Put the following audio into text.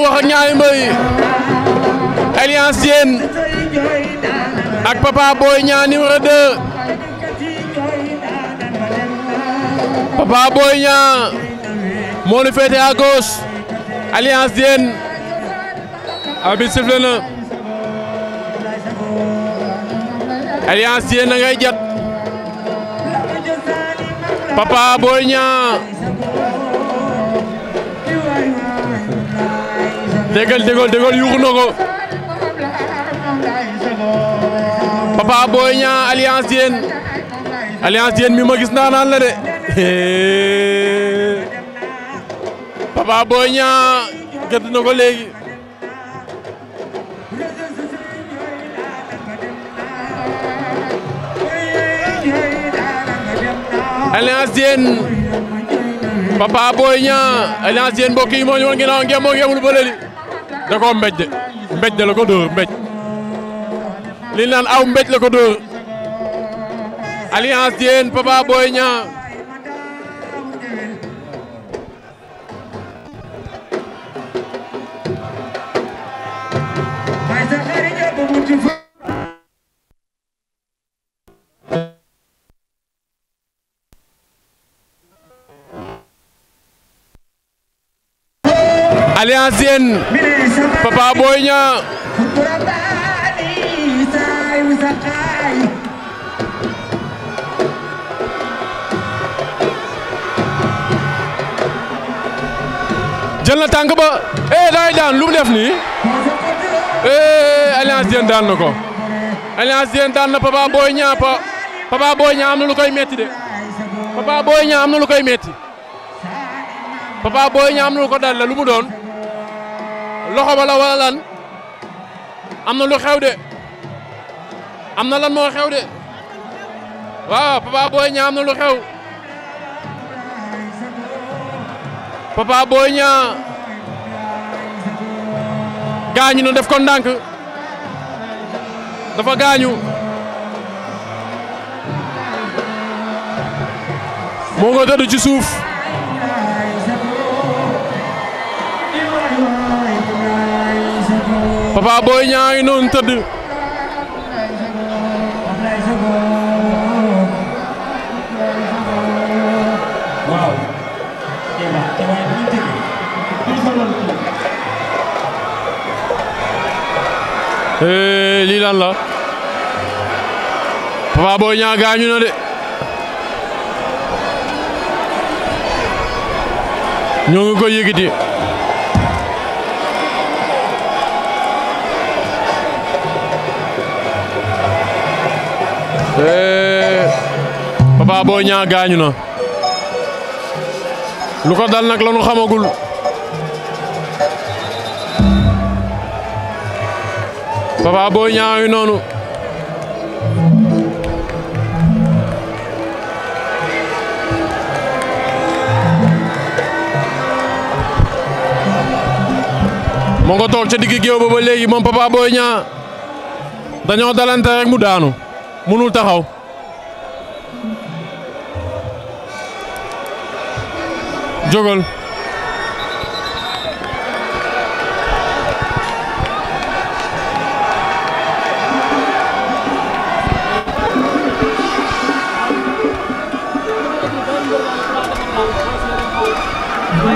wax ak ñaari mbër yi Alliance Diène ak Papa Boy Niang numéro 2 Papa Boy Niang moo ñu féete déggal déggal déggal yuuxu na ko Papa Boy Niang Alliance ma gis naa naan la de Papa Boy Niang gëdd na ko léegi Alliance Diène Papa Boy Niang Alliance Diène mbokk yi moo ñu woon ginnaaw ngeen da koo mbéj de mbéj de la ko dóor mbéj li naan aw mbéj la ko dóor alliance Diène Papa Boy Niang Alliance Diène Papa Boy Niang jël na tànk ba eh daay daan lu mu def eh, na ko Alliance Diène daan na Papa Boy Niang pa Papa Boy Niang am na koy metti de Papa Boy Niang am na lu koy metti Papa Boy Niang am na loxo ba la lan am na lu xew de am na lan moo xew de waaw Papa Boy Niang am na lu xew Papa Boy Niang gaañu na def ko ndànk dafa gaañu moo nga tëdd ci suuf Papa Boy Niang ngi noonu tëdd eh, lii la Papa Boy Niang gaañu na de ñoo ngi ko yëgiti Eh, Papa Boy ñaa gaañu na lu ko dal nag xamagul Papa Boy Niang noonu moo nga toog ca digg géew ba ba léegi moom Papa Boy dañoo dalante rek mu daanu mënul taxaw jógal